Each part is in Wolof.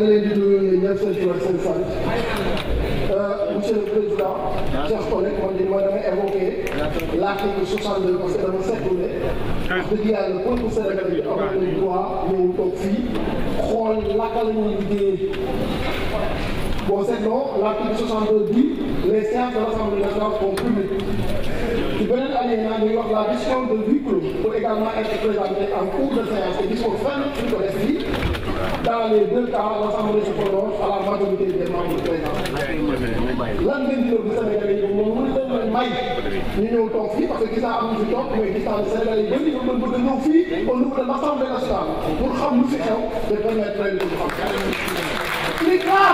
ngi leen di nuyu yéen ñëpp seen tur monsieur le président chers collègues man de mooy dama évoqué l'article 62 parce que dama seetlu ne wax dëgg yàlla pour Sénégal bi amoon nañu droit ñëw toog fii xool naka la ñuy liggéeyee bon seetloo l'article 62 dit les séances de l'Assemblée nationale sont publiques ci beneen alinéa ñuy wax la décision de huis clos peut également être présentée en cours de séance te gis ko fenn suñ ko dans les a cas l'Assemblée se prononce à la majorité des membres du président lan ngeen di yóbbu Sénégalais yi moom mu leen leen may ñu ñëw toog fii parce que gis naa am ñu fi toog mooy gis naa ne yi bëri na bëgg a ñëw fii au niveau de l'Assemblée nationale pour xam fi xew te permettre leen ko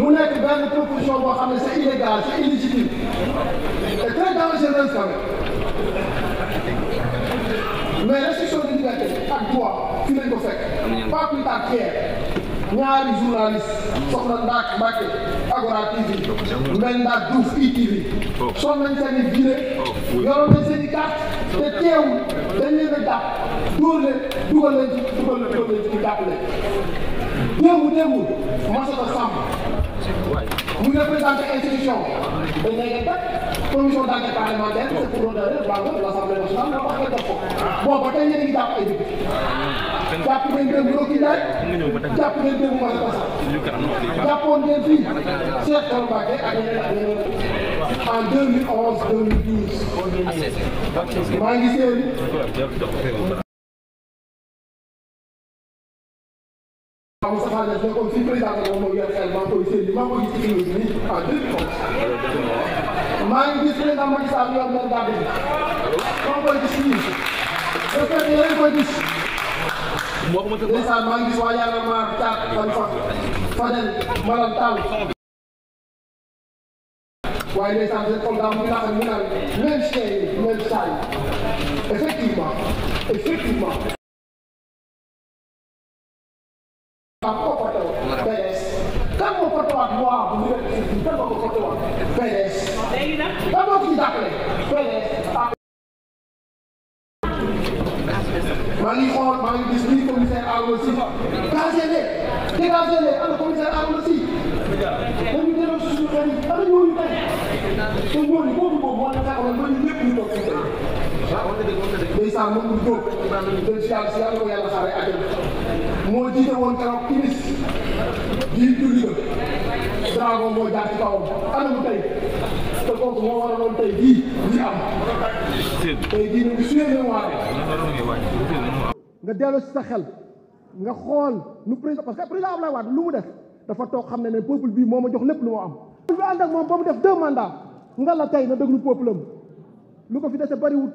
mu nekk benn proposition boo xam ne c'est illégal c'est illégitime et très dangereuse quand même mais restriction ak droit fi lañ ko fekk pas plus tard qu'hier ñaari journaliste soxna Ndaak Mbacke Agora TV mel ndaak Diouf ITV oh. son nañ seen i viré oh, yoroon nañ te teewul dañ leen a jàpp dóor leen dugal leen ci dugal leen dugal leen ci ñu jàpp leen démb démb mu ngi représenté institution dañ lay def commission d' enquête parlementaire c' est pour l' honneur baago l' assemblée nationale nga wax nga def ko bon ba tey yéen a ngi jàpp ay député jàpp ngeen démb Rocky Ndiaye jàpp ngeen démb Moussa Kassa jàppoon ngeen fii Cheikh Thioro Mbacké ak yeneen ak yeneen en 2011 2012 maa ngi seen waaw Moustapha Niass nag comme suñ président la moom mooy yor xel maa ngi koy séntu maa ngi koy gis ci kii bi en deux mille onze maa ngi gis président Macky Sall yor moom gàddu gi maa ngi koy gis nii su fekkee yéen a ngi koy gis ndeysaan maa ngi gis waa Yàlla maar caat fan fa Fadel Malal Tall waaye ndeysaan seen xol daa mu naan mu naan même chien yi même saa yi effectivement effectivement Aku mau foto, beres. Kamu foto aku, aku kita mau foto, beres. Kamu kita kele, beres. maa ngi xool maa ngi gis lii commissaire Arouna Sy dégagé leen dégagé leen ana commissaire Arouna Sy dañu delloo suñu xel yi ana ñooñu tey te ñooñu boobu boobu moo tax a ñu lépp ñu toog ndeysaan moom moo jiite woon keroog timis di julli ba dragon moo jaar ci kawam am nga dellu si sa xel nga xool nu président parce que président Abdoulaye Wade lu mu def dafa toog xam ne ne peuple bii moo ma jox lépp lu ma am. peuple bi ànd ba mu def deux mandats nga la tey na déglu peuple am lu ko fi dese bariwut.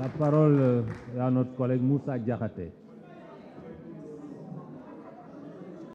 La parole euh, est à notre collègue Moussa Diakhaté.